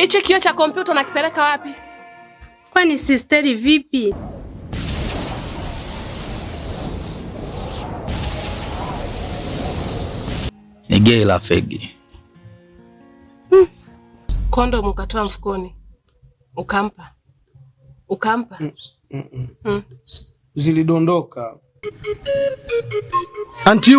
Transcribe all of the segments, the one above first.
Hichi kio cha kompyuta unakipeleka wapi? Kwani sisteri vipi? Ni gei la fegi. Hmm. Kondomu ukatoa mfukoni ukampa ukampa. mm, mm, mm. Hmm. Zilidondoka. Anti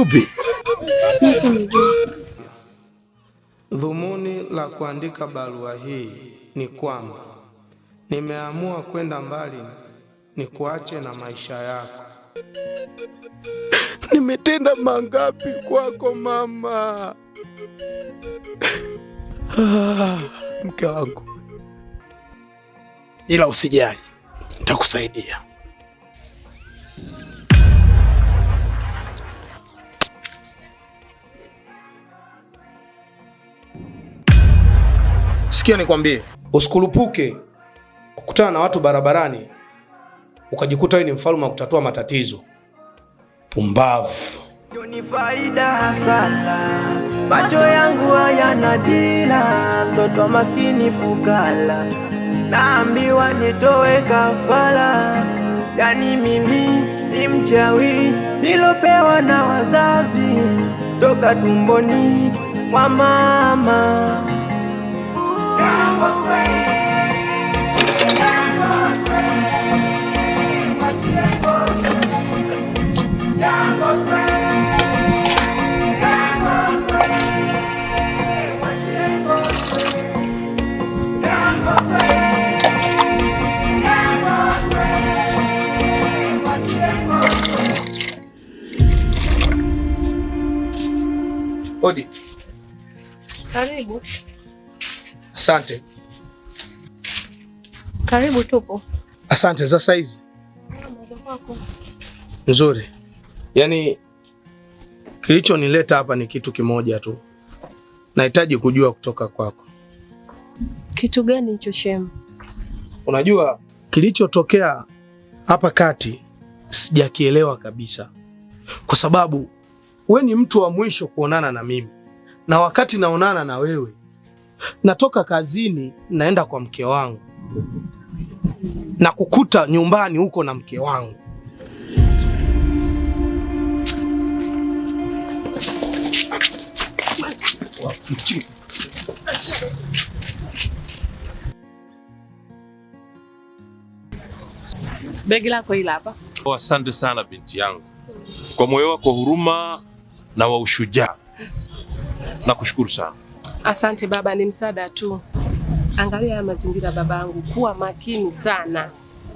Dhumuni la kuandika barua hii ni kwamba nimeamua kwenda mbali, ni kuache na maisha yako. Nimetenda mangapi kwako mama? Ah, mke wangu, ila usijali, nitakusaidia. Sikia nikwambie, usikurupuke kukutana na watu barabarani ukajikuta wewe ni mfalme wa kutatua matatizo. Pumbavu. Sioni faida hasala, macho yangu hayana dira, mtoto maskini fukala naambiwa nitoe kafala yani mimi ni mchawi nilopewa na wazazi toka tumboni mwa mama. Karibu. Asante. Karibu, tupo. Asante za saizi nzuri. Yaani kilichonileta hapa ni kitu kimoja tu, nahitaji kujua kutoka kwako. Kitu gani hicho shem? Unajua kilichotokea hapa kati sijakielewa kabisa, kwa sababu we ni mtu wa mwisho kuonana na mimi, na wakati naonana na wewe natoka kazini naenda kwa mke wangu na kukuta nyumbani huko na mke wangu. Begi lako hili hapa. Oh, asante sana binti yangu kwa moyo wako huruma na wa ushujaa, nakushukuru sana. Asante baba, ni msaada tu. Angalia haya mazingira babangu, kuwa makini sana,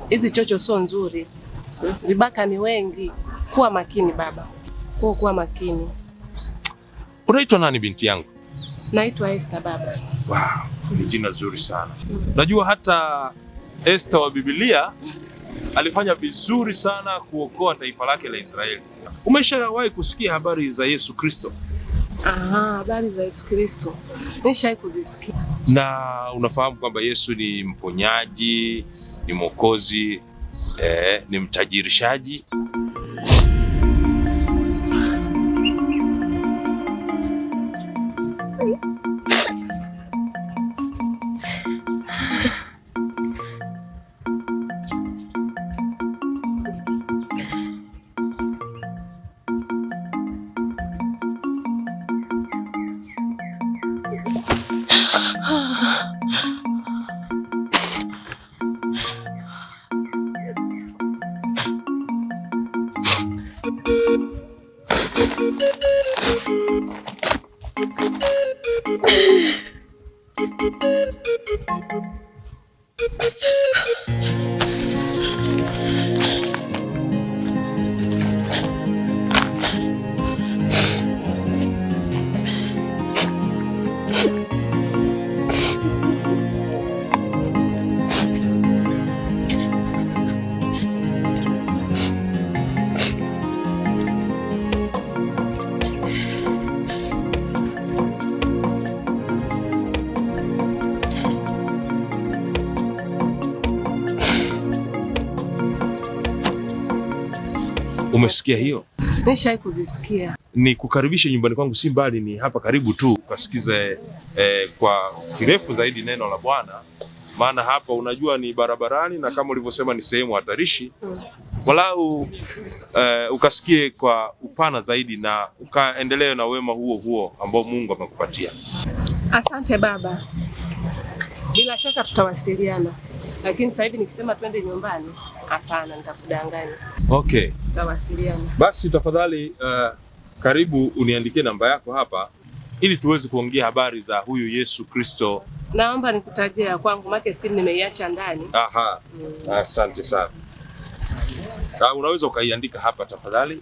hizi chocho sio nzuri, vibaka ni wengi. Kuwa makini baba, kuwa kuwa makini. Unaitwa nani binti yangu? Naitwa Esther baba. Wow, ni jina zuri sana Najua hata Esther wa Biblia alifanya vizuri sana kuokoa taifa lake la Israeli. Umeshawahi kusikia habari za Yesu Kristo? Aha, habari za Yesu Kristo nishawahi kuzisikia na unafahamu kwamba Yesu ni mponyaji, ni mwokozi eh, ni mtajirishaji. Umesikia hiyo? Nimeshawahi kuzisikia. Ni kukaribisha nyumbani kwangu, si mbali, ni hapa karibu tu, ukasikize eh, kwa kirefu zaidi neno la Bwana, maana hapa unajua ni barabarani na kama ulivyosema ni sehemu hatarishi, walau eh, ukasikie kwa upana zaidi na ukaendelee na wema huo huo ambao Mungu amekupatia. Asante baba, bila shaka tutawasiliana lakini sasa hivi nikisema twende nyumbani, hapana, nitakudanganya. Okay, tutawasiliana basi. Tafadhali uh, karibu uniandikie namba yako hapa ili tuweze kuongea habari za huyu Yesu Kristo. Naomba nikutajie ya kwangu, make simu nimeiacha ndani. Aha. Mm. Asante sana. Sasa unaweza ukaiandika hapa tafadhali.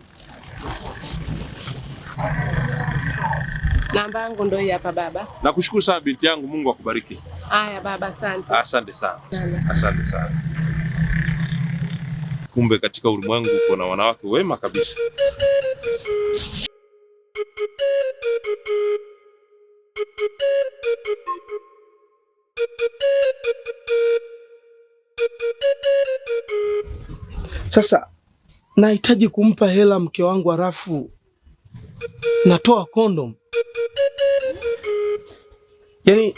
Namba yangu ndio hapa baba. Nakushukuru sana binti yangu, Mungu akubariki. Haya baba, asante. Asante sana, asante sana. Kumbe katika ulimwengu kuna wanawake wema kabisa. Sasa nahitaji kumpa hela mke wangu halafu natoa kondom. Yaani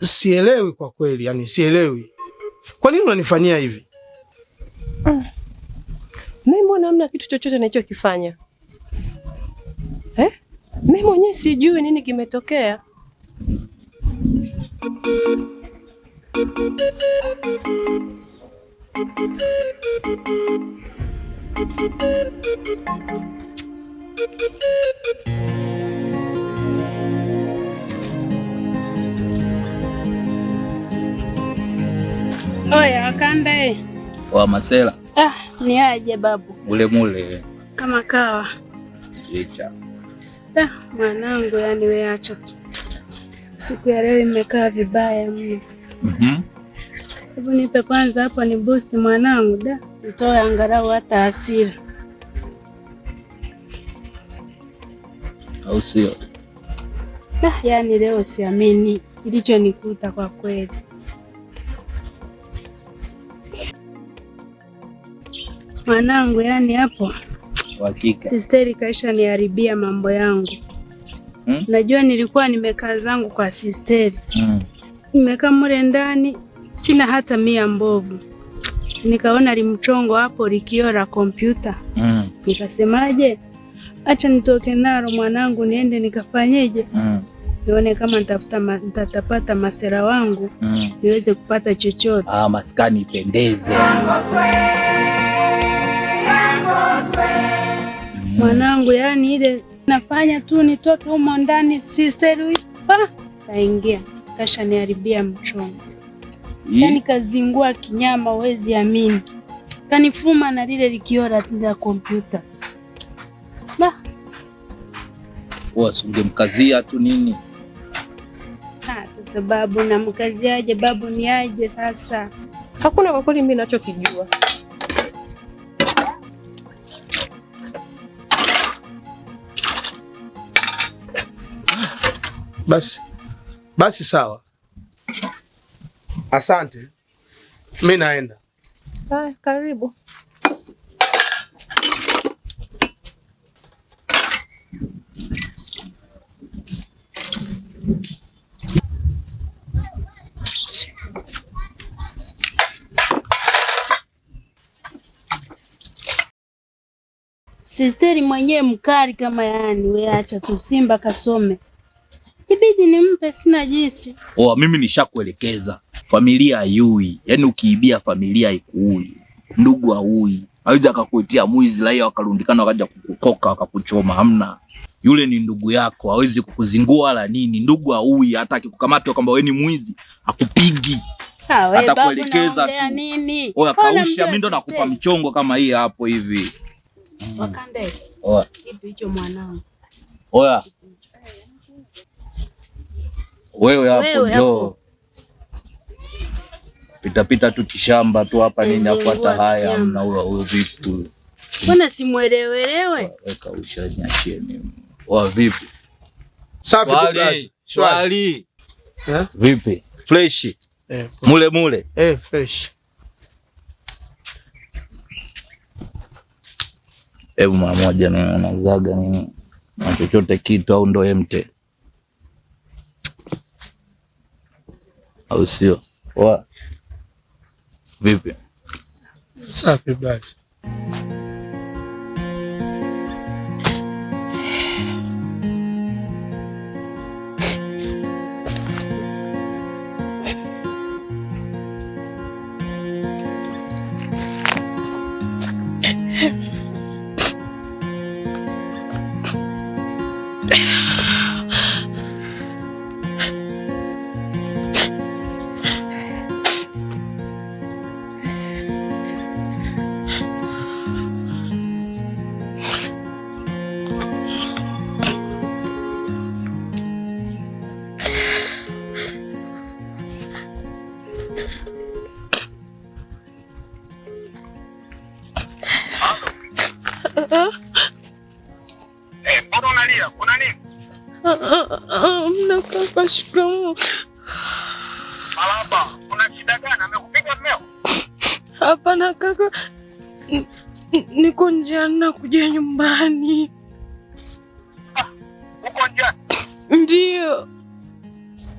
sielewi kwa kweli, yani sielewi kwa nini unanifanyia hivi. Mm. Mimi mbona hamna kitu chochote nilichokifanya eh? Mimi mwenyewe sijui nini kimetokea. Oya wakanda e. Wa masela. Ah, ni aje babu? Mule mule. Kama kawa. Icha. Ah, mwanangu yani wewe acha Siku ya leo imekaa vibaya mno. Mhm. Hebu nipe kwanza hapo ni boost mwanangu da. Nitoe angalau hata hasira. Au sio? Ah, yani leo siamini kilichonikuta kwa kweli. mwanangu, yani hapo sisteri kaisha niharibia mambo yangu hmm? Najua nilikuwa nimekaa zangu kwa sisteri hmm. Nimekaa mure ndani sina hata mia mbovu, nikaona limchongo hapo likio la kompyuta hmm. Nikasemaje, acha nitoke nalo mwanangu, niende nikafanyeje hmm nione kama nitafuta ma, nitatapata masera wangu mm. niweze kupata chochote. Ah, maskani ipendeze Mm. mwanangu, yaani ile nafanya tu nitoke humo ndani, pa kaingia kasha niharibia mchongo, mm. yani kazingua kinyama, wezi amini, kanifuma na lile likiora la kompyuta mkazia tu nini? Ha, sasa babu, namkaziaje babu? Ni aje sasa? Hakuna kwa kweli mimi nachokijua Basi basi, sawa, asante, mi naenda. Haya, karibu. Sisteri mwenyewe mkali kama yani, weacha tu Simba kasome Ibidi nimpe, sina jinsi. Oa, mimi nishakuelekeza familia hayui, yaani ukiibia familia haikuui, ndugu haui, hawezi akakuitia mwizi raia wakarundikana wakaja kukukoka wakakuchoma, hamna. Yule ni ndugu yako, hawezi kukuzingua wala nini. Ndugu haui, hata akikukamata kwamba wewe ni mwizi akupigi atakuelekeza tu. Akausha, mimi ndo nakupa mchongo kama hii hapo hivi. Wakande. Oya. Kitu hicho mwanangu. Oya wewe hapo njoo pita tu kishamba tu hapa nini, afu haya mna huyo huyo vitu mbona simwelewelewe, weka ushanyashie chini wa vipi? Safi tu swali eh? Vipi fresh eh, mule mule eh, fresh hebu mara moja, nazaga nini na chochote kitu au ndo emte au sio? Vipi? Safi basi. Mbona unalia? Kuna nini? Mna kaka, shikamoo. Marahaba. Kuna shida gani? Amekupiga mmeo? Hapana kaka, niko njiani na kuja nyumbani. Ah, uko njiani? Ndio.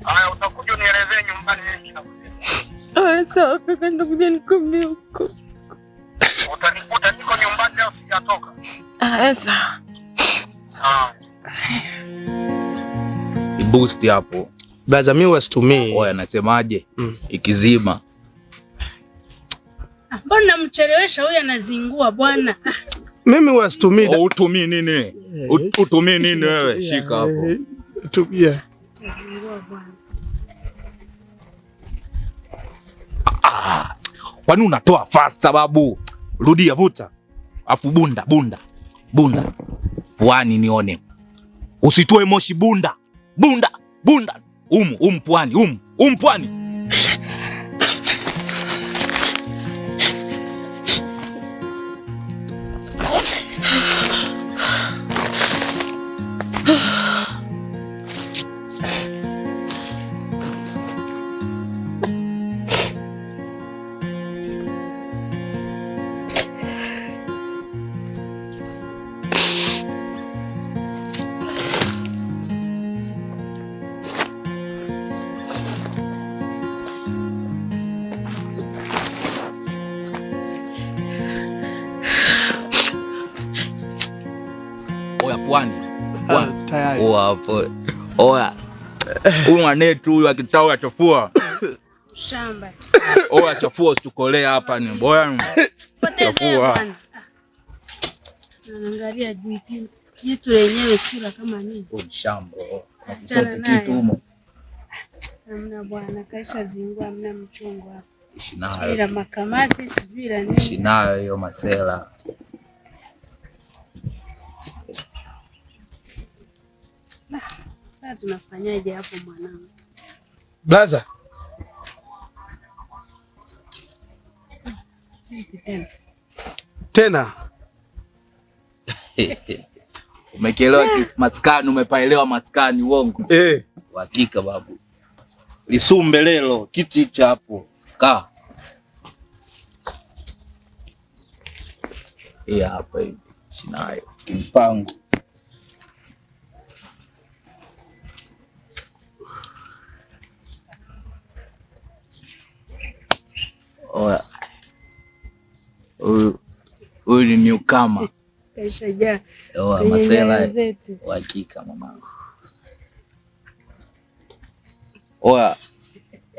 Aya, utakuja unielezee nyumbani. Sawa kaka, nitakuja nikombe huko nitatoka. Esa. Ah. ah. Boost hapo. Brother mimi wasitumii. Oya anasemaje? Mm. Ikizima. Mbona namchelewesha huyu anazingua bwana? Mimi wasitumii. Oh, utumii nini? Yeah. Utumii nini wewe? Eh, Shika hapo. Eh, tumia. Yeah. bwana. Ah. Kwani unatoa fast sababu? Rudia vuta afu bunda bunda bunda puani nione, usitoe moshi bunda bunda bunda umu umu puani umu umu puani Oya, huyu mwanetu huyu akitaka chafua shamba. Oya, chafua usitukolee hapa ni boya. Chafua. Anaangalia ah. jitu lenyewe sura kama nini? Shamba. Hakitoki kitu humo. Hamna bwana, kaisha zingua, hamna mchongo hapa. Ishi nayo. makamasi, sivila nini? Ishi nayo hiyo masela. Ah, sasa tunafanyaje hapo mwanangu? Blaza. Tena umekelewa maskani, umepaelewa maskani, uongo eh. Hakika babu lisumbe lelo kiti hicho hapo ka hapa hivi shinayo kispangu huyu ni mnyukama masela uhakika mamangu. Oya,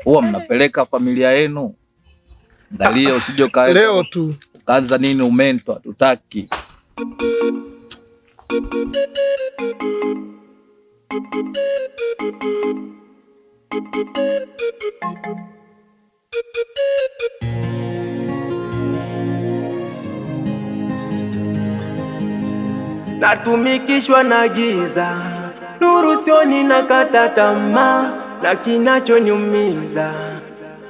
huwa mnapeleka familia yenu Dalia, usije leo tu ukaanza nini umento, hatutaki Natumikishwa na giza, nuru sioni, na kata tamaa na kinachonyumiza,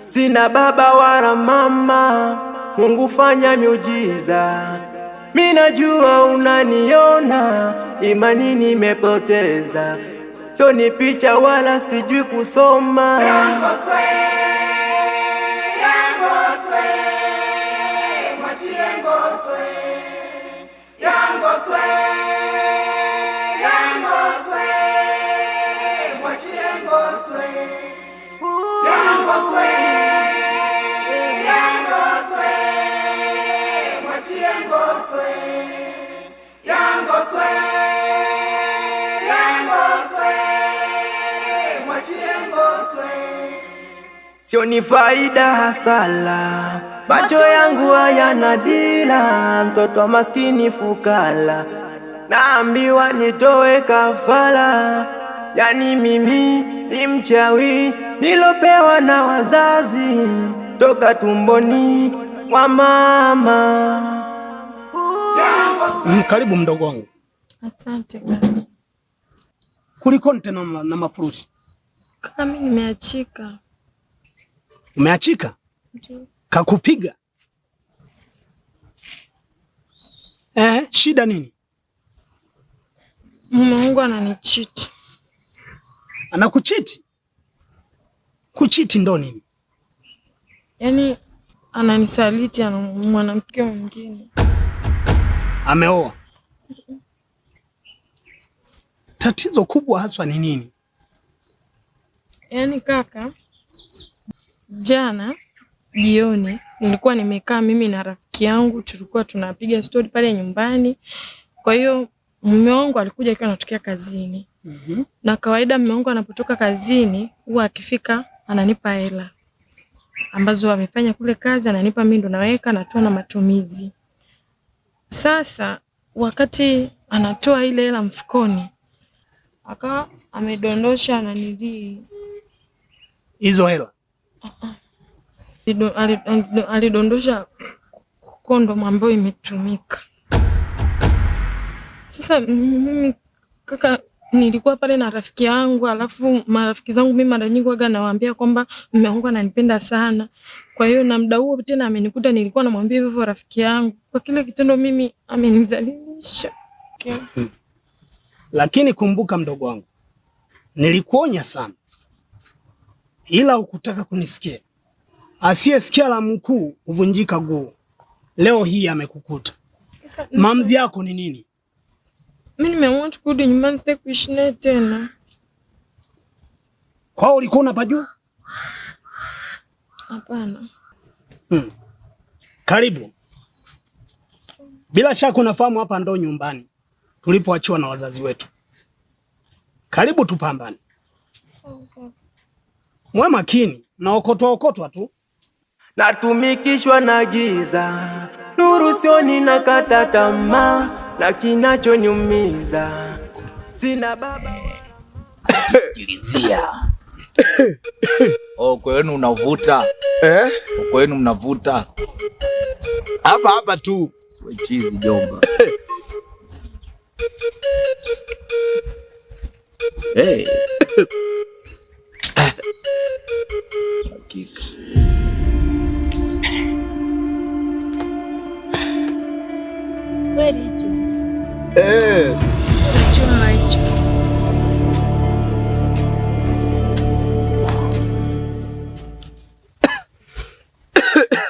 sina baba wala mama. Mungu fanya miujiza, minajua unaniona, imani nimepoteza, sioni picha wala sijui kusoma Rangoswe. ni faida hasala, macho yangu hayana dila, mtoto maskini fukala, naambiwa nitoe kafala, yani mimi ni mchawi nilopewa na wazazi toka tumboni kwa mama. Mkaribu mm, mdogo wangu. Asante baba. Kulikoni tena na mafurushi? Kama mimi nimeachika. Umeachika? Ndio. Kakupiga? Eh, shida nini? Mume wangu ananichiti. Anakuchiti? Kuchiti ndo nini? Yani ananisaliti, ana mwanamke mwingine ameoa. Tatizo kubwa haswa ni nini? yani kaka, jana jioni nilikuwa nimekaa mimi na rafiki yangu, tulikuwa tunapiga stori pale nyumbani. Kwa hiyo mume wangu alikuja akiwa anatokea kazini mm -hmm. na kawaida mume wangu anapotoka kazini huwa akifika ananipa hela ambazo amefanya kule kazi, ananipa mimi, ndo naweka natoa na matumizi. Sasa wakati anatoa ile hela mfukoni, akawa amedondosha nanili hizo hela uh-uh. alidondosha kondomu ambayo imetumika. Sasa mimi kaka, nilikuwa pale na rafiki yangu, alafu marafiki zangu mimi mara nyingi waga nawaambia kwamba mume wangu ananipenda sana. Kwa hiyo na muda huo tena amenikuta nilikuwa namwambia hivyo rafiki yangu. Kwa kile kitendo mimi amenizalilisha. Okay. Hmm. Lakini kumbuka, mdogo wangu, nilikuonya sana, ila hukutaka kunisikia. Asiyesikia la mkuu huvunjika guu. Leo hii amekukuta. Maamuzi yako ni nini? Mimi nimeamua tu kurudi nyumbani, sitaki kuishi naye tena. Kwa hiyo ulikuwa unapajua? Hapana. Hmm. Karibu. Bila shaka unafahamu hapa ndo nyumbani tulipoachiwa na wazazi wetu. Karibu tupambane. Mwe makini na okotwa okotwa tu. Natumikishwa na giza, nuru sioni, nakata tamaa na kinachonyumiza sina baba kilizia Ukwe oh, wenu unavuta eh? Ukwe wenu mnavuta hapa hapa tu chizi jomba. Hey. Eh. Eh.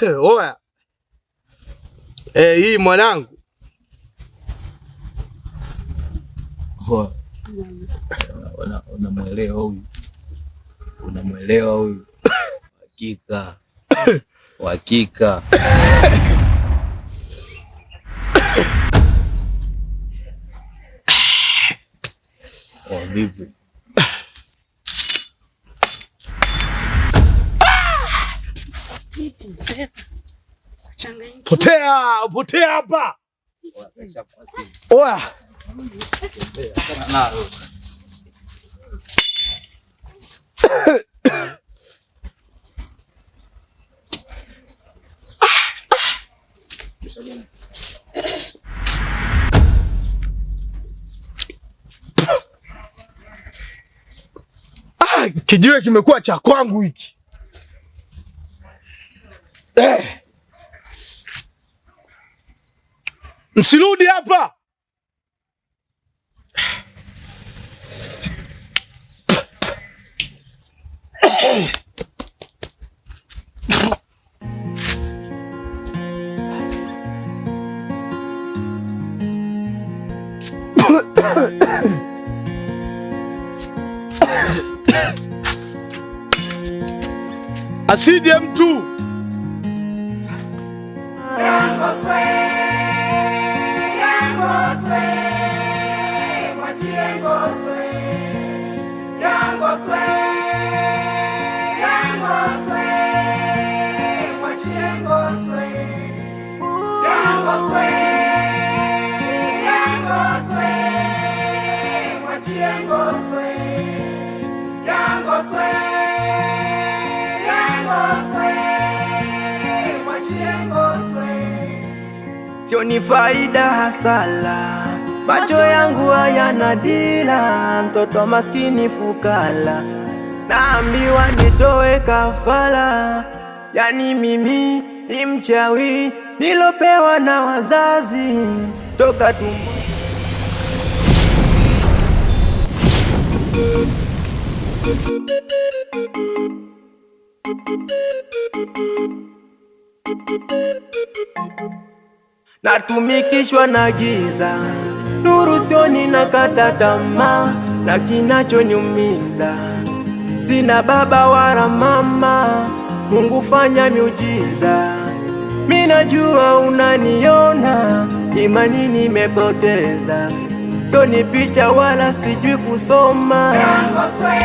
Oya. Eh, hii mwanangu. Unamwelewa huyu? Unamwelewa huyu? Hakika. Hakika. Oh, vipi? Potea, potea hapa. Oya. kijiwe kimekuwa cha kwangu hiki eh. Msirudi hapa. asije mtu sioni faida hasala, macho yangu hayana dila, mtoto maskini fukala, naambiwa nitoe kafala, yani mimi ni mchawi nilopewa na wazazi toka tumbo Natumikishwa na giza, nuru sioni, nakata tamaa na kinachoniumiza. Sina baba wala mama, Mungu fanya miujiza. Minajua unaniona, imani nimepoteza. Sioni picha wala sijui kusoma Yangoswe,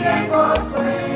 Yangoswe,